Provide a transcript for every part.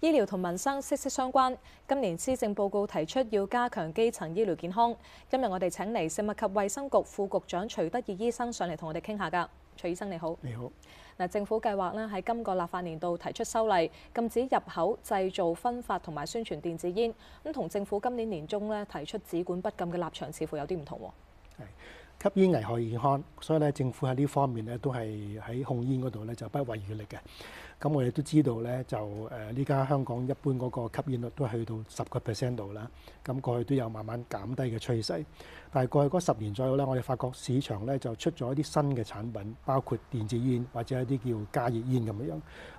醫療同民生息息相關，今年施政報告提出要加強基層醫療健康。今日我哋請嚟食物及衛生局副局長徐德義醫生上嚟同我哋傾下㗎。徐醫生你好，你好。嗱，政府計劃咧喺今個立法年度提出修例，禁止入口製造分發同埋宣傳電子煙。咁同政府今年年中咧提出只管不禁嘅立場，似乎有啲唔同。係吸煙危害健康，所以咧政府喺呢方面咧都係喺控煙嗰度咧就不遺餘力嘅。咁我哋都知道咧，就誒，依家香港一般嗰個吸煙率都去到十個 percent 度啦。咁過去都有慢慢減低嘅趨勢。但係過去嗰十年左右咧，我哋發覺市場咧就出咗一啲新嘅產品，包括電子煙或者一啲叫加熱煙咁樣樣，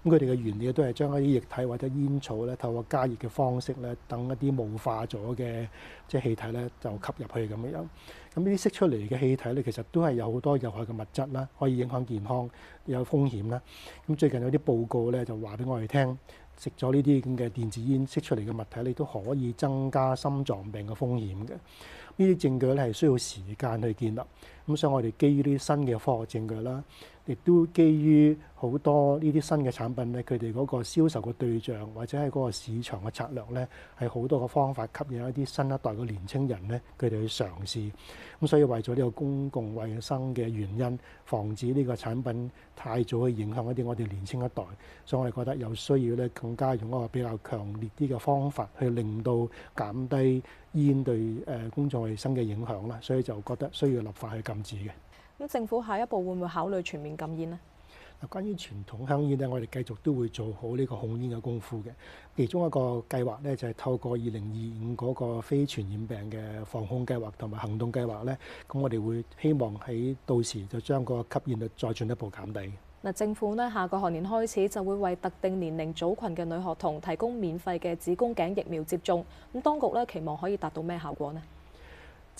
咁佢哋嘅原理都係將一啲液體或者煙草咧透過加熱嘅方式咧，等一啲霧化咗嘅即係氣體咧就吸入去咁樣樣，咁呢啲釋出嚟嘅氣體咧，其實都係有好多有害嘅物質啦，可以影響健康，有風險啦。咁最近有啲報。個咧就話俾我哋聽，食咗呢啲咁嘅電子煙釋出嚟嘅物體，你都可以增加心臟病嘅風險嘅。呢啲證據咧係需要時間去建立，咁所以我哋基於啲新嘅科學證據啦，亦都基於好多呢啲新嘅產品咧，佢哋嗰個銷售嘅對象或者係嗰個市場嘅策略咧，係好多個方法吸引一啲新一代嘅年青人咧，佢哋去嘗試。咁所以為咗呢個公共衛生嘅原因，防止呢個產品太早去影響一啲我哋年青一代，所以我哋覺得有需要咧更加用一個比較強烈啲嘅方法去令到減低煙對誒公眾。衞生嘅影響啦，所以就覺得需要立法去禁止嘅。咁政府下一步會唔會考慮全面禁煙呢？嗱，關於傳統香煙咧，我哋繼續都會做好呢個控煙嘅功夫嘅。其中一個計劃呢，就係透過二零二五嗰個非傳染病嘅防控計劃同埋行動計劃呢。咁我哋會希望喺到時就將個吸煙率再進一步減低。嗱，政府呢，下個學年開始就會為特定年齡組群嘅女學童提供免費嘅子宮頸疫苗接種。咁當局呢，期望可以達到咩效果呢？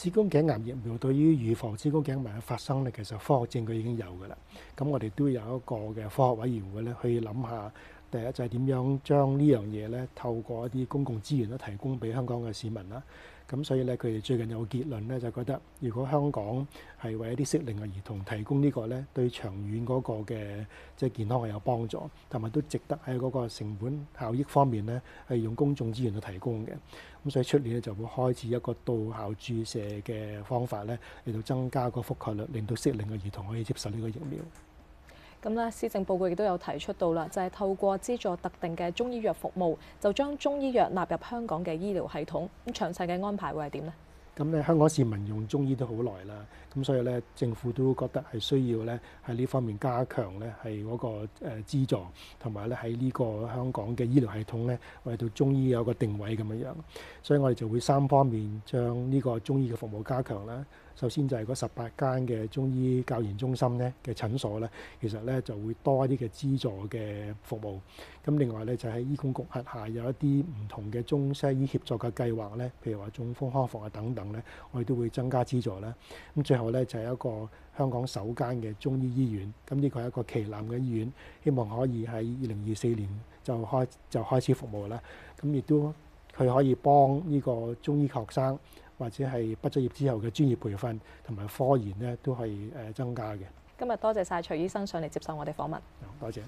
子宮頸癌疫苗對於預防子宮頸癌嘅發生呢，其實科學證據已經有㗎喇。咁我哋都有一個嘅科學委員會咧，去諗下第一就係點樣將呢樣嘢呢，透過一啲公共資源咧，提供俾香港嘅市民啦。咁所以咧，佢哋最近有個結論咧，就覺得如果香港係為一啲適齡嘅兒童提供個呢個咧，對長遠嗰個嘅即係健康係有幫助，同埋都值得喺嗰個成本效益方面咧，係用公眾資源去提供嘅。咁所以出年咧就會開始一個到校注射嘅方法咧，嚟到增加個覆蓋率，令到適齡嘅兒童可以接受呢個疫苗。咁呢，施政報告亦都有提出到啦，就係透過資助特定嘅中醫藥服務，就將中醫藥納入香港嘅醫療系統。咁詳細嘅安排會係點呢？咁咧，香港市民用中醫都好耐啦，咁所以咧，政府都覺得係需要咧喺呢方面加強咧，係嗰個誒資助，同埋咧喺呢個香港嘅醫療系統咧，我哋對中醫有個定位咁樣樣，所以我哋就會三方面將呢個中醫嘅服務加強啦。首先就係嗰十八間嘅中醫教研中心咧嘅診所咧，其實咧就會多一啲嘅資助嘅服務。咁另外咧就喺醫管局轄下有一啲唔同嘅中西醫協作嘅計劃咧，譬如話中風康復啊等等。我哋都會增加資助啦。咁最後呢，就係一個香港首間嘅中醫醫院，咁呢個係一個旗艦嘅醫院，希望可以喺二零二四年就開就開始服務啦。咁亦都佢可以幫呢個中醫學生或者係畢咗業之後嘅專業培訓同埋科研呢，都係誒增加嘅。今日多謝晒徐醫生上嚟接受我哋訪問。多謝。